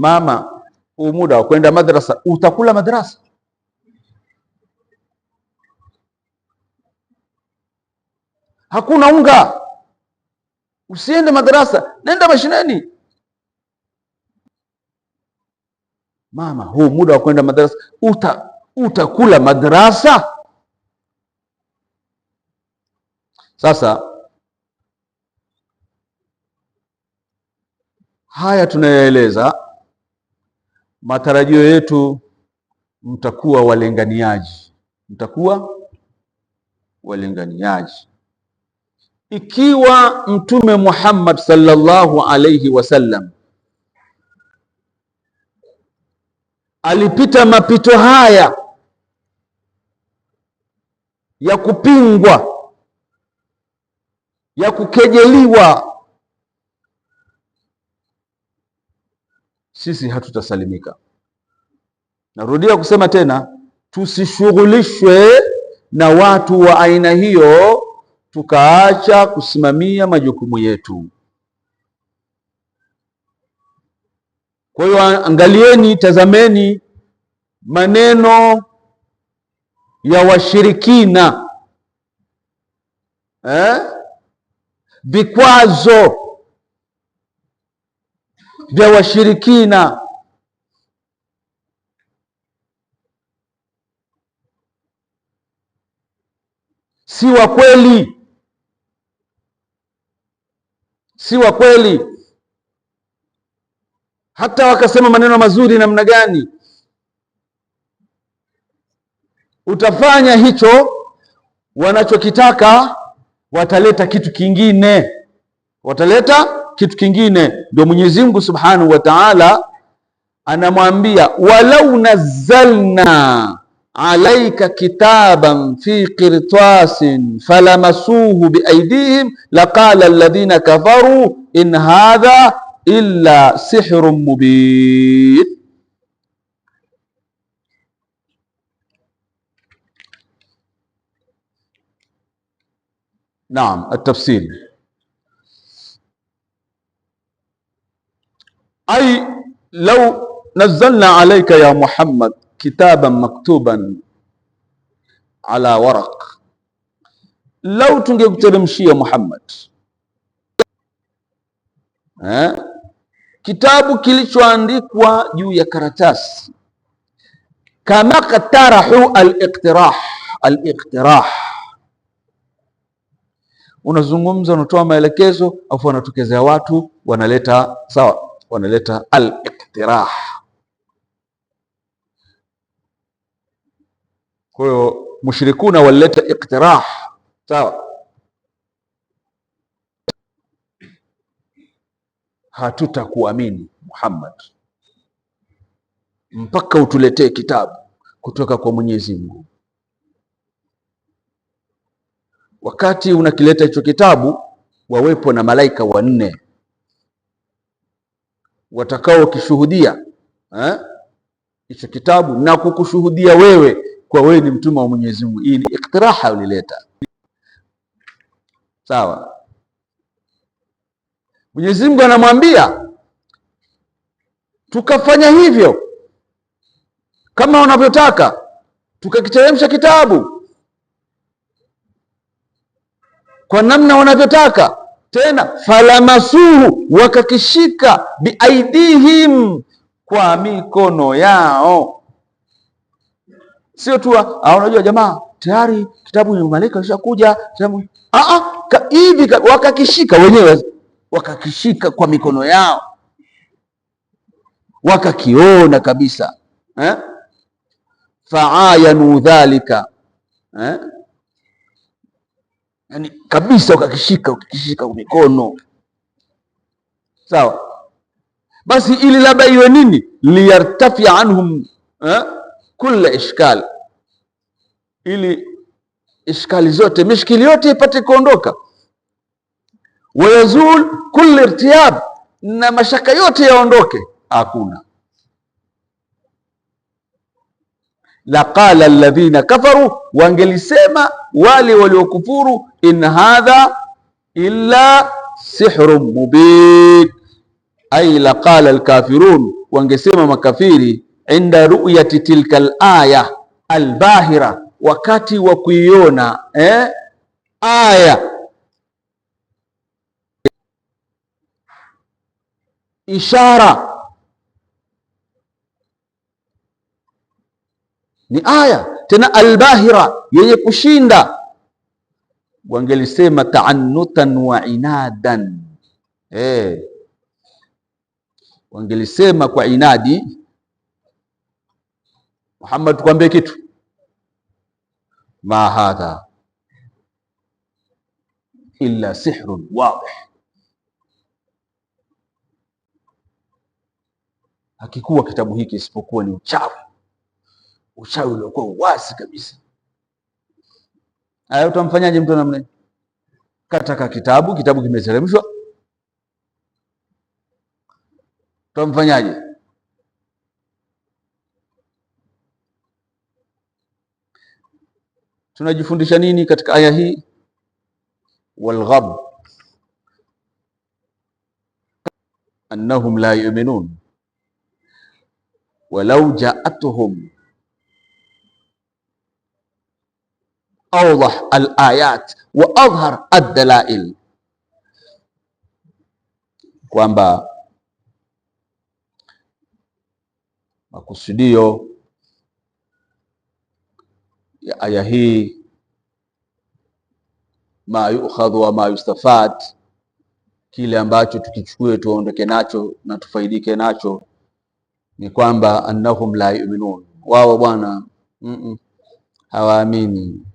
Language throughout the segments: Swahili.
mama, huu muda wa kwenda madrasa utakula madrasa. Hakuna unga, usiende madrasa, nenda mashinani. Mama, huu muda wa kwenda madrasa uta utakula madrasa. Sasa haya tunayoeleza matarajio yetu mtakuwa walenganiaji, mtakuwa walenganiaji. Ikiwa Mtume Muhammad sallallahu alaihi wasallam alipita mapito haya ya kupingwa, ya kukejeliwa sisi hatutasalimika. Narudia kusema tena, tusishughulishwe na watu wa aina hiyo, tukaacha kusimamia majukumu yetu. Kwa hiyo, angalieni, tazameni maneno ya washirikina eh? Vikwazo vya washirikina. Si wa kweli, si wa kweli. Hata wakasema maneno mazuri namna gani, utafanya hicho wanachokitaka, wataleta kitu kingine, wataleta kitu kingine, ndio Mwenyezi Mungu Subhanahu wa Ta'ala anamwambia walau nazzalna alaika kitaban fi qirtasin falamasuhu biaidihim laqala alladhina kafaru in hadha illa sihrun mubin. Naam, at-tafsil ai lau nazzalna alaika ya Muhammad kitaban maktuban ala waraq, lau tungekuteremshia Muhammad eh, kitabu kilichoandikwa juu ya karatasi. Kama katarahu aliktirah aliktirah, unazungumza unatoa maelekezo, afu wanatokezea watu wanaleta sawa wanaleta al-iktirah. Kwa hiyo mushrikuna walileta iktirah, sawa. Hatutakuamini Muhammad mpaka utuletee kitabu kutoka kwa Mwenyezi Mungu. Wakati unakileta hicho kitabu, wawepo na malaika wanne watakaokishuhudia hicho eh, kitabu na kukushuhudia wewe kwa wewe ni mtume wa Mwenyezi Mungu. Hii ni iktiraha ulileta, sawa. Mwenyezi Mungu anamwambia tukafanya hivyo kama unavyotaka, tukakiteremsha kitabu kwa namna wanavyotaka tena falamasuhu, wakakishika biaidihim, kwa mikono yao. Sio tu unajua jamaa, tayari kitabu malaika ishakuja ah, ah, hivi, wakakishika wenyewe, wakakishika kwa mikono yao, wakakiona kabisa eh? faayanu dhalika eh? yani kabisa, ukakishika ukikishika kwa mikono sawa. Basi ili labda iwe nini, liyartafia anhum eh, kula ishkal, ili ishkali zote mishkili yote ipate kuondoka, wayazul kul irtiyab, na mashaka yote yaondoke. Hakuna laqala alladhina kafaru, wangelisema wale waliokufuru in hadha illa sihrun mubin, ay la qala alkafirun, wangesema makafiri inda ru'yati tilka alaya albahira, wakati wa kuiona eh, aya ishara ni aya tena albahira, yenye kushinda wangelisema taanutan wa inadan eh, wangelisema kwa inadi. Muhammad, tukwambie kitu ma hadha illa sihrun wadih, hakikuwa kitabu hiki isipokuwa ni uchawi, uchawi uliokuwa wazi kabisa. Aya, utamfanyaje mtu namna hiyo? Kataka kitabu, kitabu kimeteremshwa, utamfanyaje? Tunajifundisha nini katika aya hii? Walghab annahum la yu'minun walau jaatuhum awdah alayat wa adhhar addalail, kwamba makusudio ya aya hii ma yukhadhu wa ma yustafad, kile ambacho tukichukue tuondoke nacho na tufaidike nacho ni kwamba annahum la yu'minun, wao bwana mm -mm, hawaamini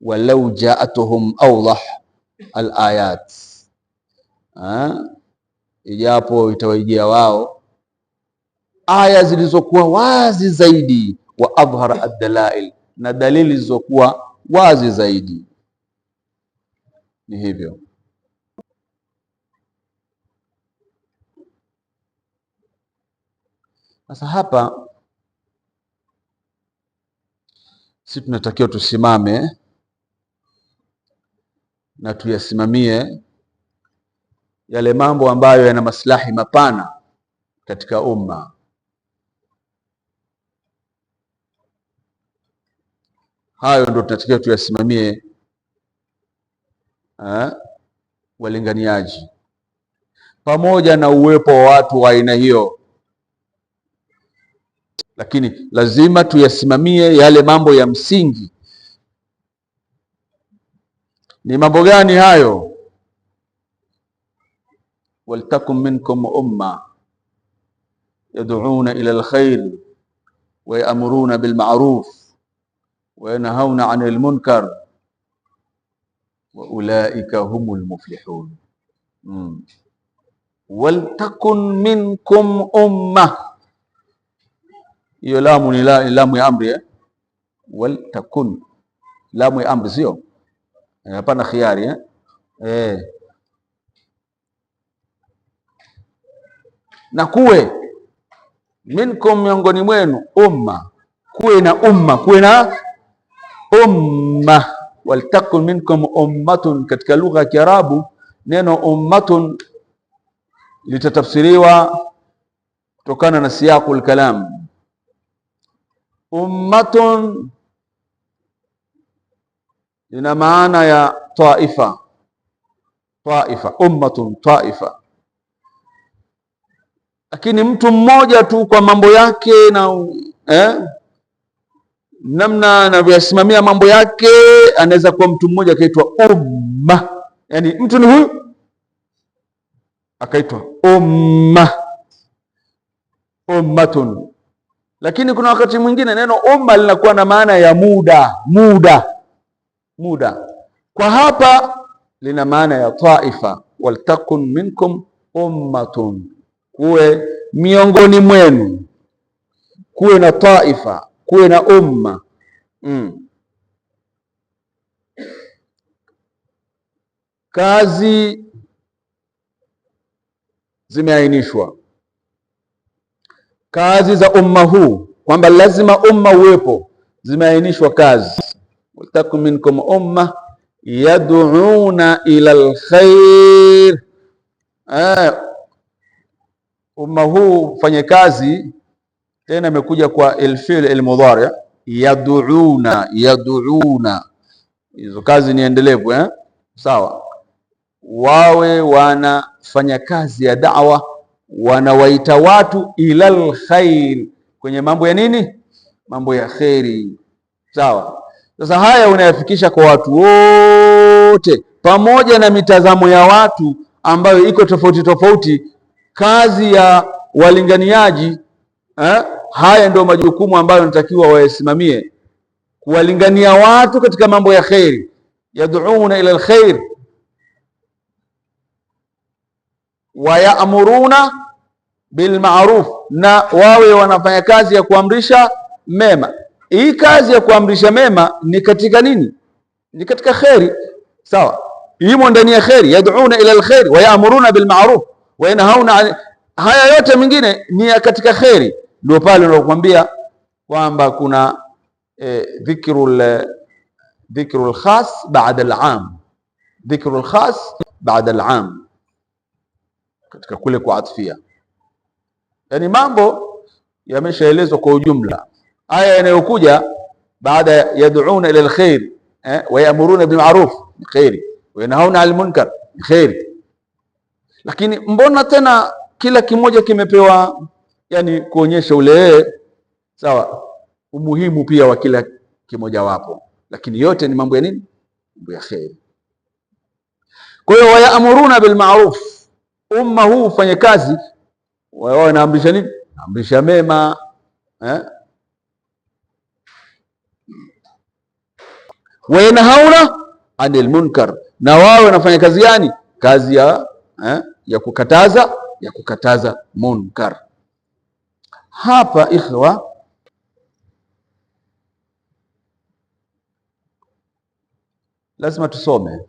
walau jaatuhum awdah alayat, ijapo itawajia wao aya zilizokuwa wazi zaidi, wa adhhar addalail, na dalili zilizokuwa wazi zaidi. Ni hivyo. Sasa hapa si tunatakiwa tusimame na tuyasimamie yale mambo ambayo yana maslahi mapana katika umma. Hayo ndio tunatakiwa tuyasimamie, eh, walinganiaji, pamoja na uwepo wa watu wa aina hiyo, lakini lazima tuyasimamie yale mambo ya msingi Ni mambo gani hayo? waltakum minkum umma yad'una ila alkhair wa ya'muruna bilma'ruf wa yanhauna 'anil munkar wa ulaika humul muflihun. Mm. Waltakun minkum umma, hiyo lamu ni lamu ya amri eh? Waltakun lamu ya amri sio Eh, hapana e, khiari eh? E. na kuwe minkum, miongoni mwenu, umma, kuwe na umma, kuwe na umma. Waltakun minkum ummatun, katika lugha ya Kiarabu neno ummatun litatafsiriwa kutokana na siyaqul kalam ummatun lina maana ya taifa, taifa, ummatun taifa. Lakini mtu mmoja tu kwa mambo yake na eh, namna anavyoyasimamia mambo yake, anaweza kuwa mtu mmoja akaitwa umma. Yani mtu ni huyu akaitwa umma, ummatun. Lakini kuna wakati mwingine neno umma linakuwa na maana ya muda, muda muda. Kwa hapa lina maana ya taifa, waltakun minkum ummatun, kuwe miongoni mwenu, kuwe na taifa, kuwe na umma mm. Kazi zimeainishwa, kazi za umma huu kwamba lazima umma uwepo, zimeainishwa kazi takun minkum umma yad'una ila alkhair. Eh, umma huu fanye kazi tena, imekuja kwa alfil almudhari yad'una, yad'una hizo kazi ni endelevu eh? Sawa, wawe wanafanya kazi ya da'wa, wanawaita watu ila lkhair kwenye mambo ya nini? Mambo ya kheri. Sawa. Sasa haya unayafikisha kwa watu wote, pamoja na mitazamo ya watu ambayo iko tofauti tofauti. Kazi ya walinganiaji eh, haya ndio majukumu ambayo natakiwa wayasimamie, kuwalingania watu katika mambo ya kheri, yad'una ila alkhair wayamuruna bilmaruf, na wawe wanafanya kazi ya kuamrisha mema hii kazi ya kuamrisha mema ni katika nini? Ni katika kheri, sawa? Imo ndani ya kheri, yad'una ila alkhair wa ya'muruna bil ma'ruf wa yanhauna. Haya yote mengine ni ya katika kheri. Ndio pale unakwambia kwamba kuna eh, dhikrul dhikrul khas baada alam, dhikrul khas baada alam, katika kule kuatfia, yani mambo yameshaelezwa kwa ujumla aya yanayokuja baada ya yad'una ila alkhair eh, wa ya'muruna bil ma'ruf khair wa yanhauna 'anil munkar khair. Lakini mbona tena kila kimoja kimepewa yani kuonyesha ule sawa umuhimu pia wa kila kimoja wapo, lakini yote ni mambo ya nini? Mambo ya khair. Kwa hiyo wayamuruna bil ma'ruf, umma huu ufanye kazi wao, wanaamrisha nini? Amrisha mema eh wa yanhauna anil munkar, na wao wanafanya kazi gani? Kazi ya eh, ya kukataza ya kukataza munkar. Hapa ikhwa, lazima tusome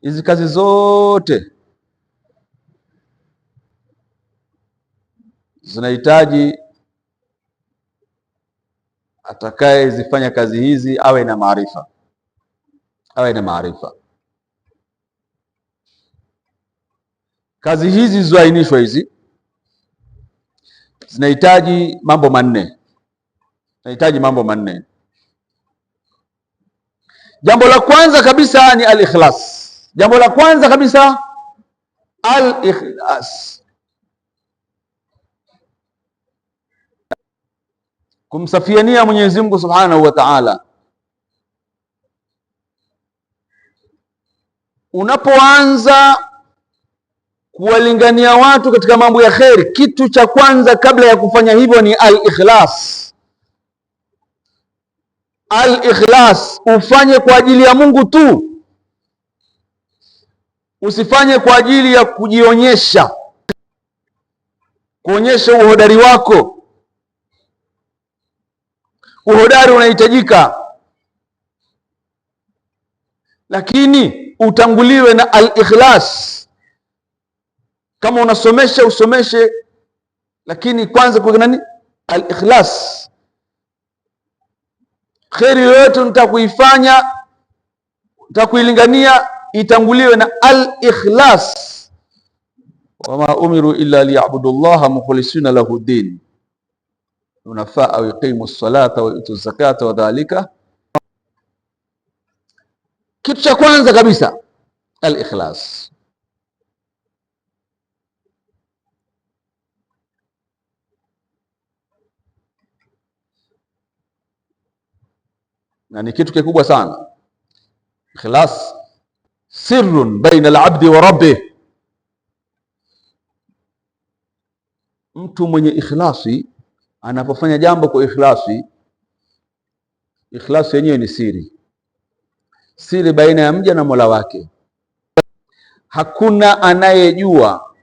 hizi kazi zote zinahitaji atakayezifanya kazi hizi awe na maarifa, awe na maarifa. Kazi hizi zilizoainishwa hizi zinahitaji mambo manne, zinahitaji mambo manne. Jambo la kwanza kabisa ni al-ikhlas. Jambo la kwanza kabisa al-ikhlas kumsafiania Mwenyezi Mungu Subhanahu wa Ta'ala. Unapoanza kuwalingania watu katika mambo ya kheri, kitu cha kwanza kabla ya kufanya hivyo ni al-ikhlas. Al-ikhlas, ufanye kwa ajili ya Mungu tu, usifanye kwa ajili ya kujionyesha, kuonyesha uhodari wako uhodari unahitajika, lakini utanguliwe na al-ikhlas. Kama unasomesha usomeshe, lakini kwanza kwa nani? Al-ikhlas. Kheri yoyote nitakuifanya nitakuilingania, itanguliwe na al-ikhlas. Wama umiru illa liyabudu llaha mukhlisina lahu din ينفع أو يقيم الصلاة ويؤتوا الزكاة وذلك كيف تكون زكابيسة الإخلاص يعني كيف كيكوبا سانا إخلاص سر بين العبد وربه أنتم من إخلاصي anapofanya jambo kwa ikhlasi. Ikhlasi yenyewe ni siri, siri baina ya mja na Mola wake, hakuna anayejua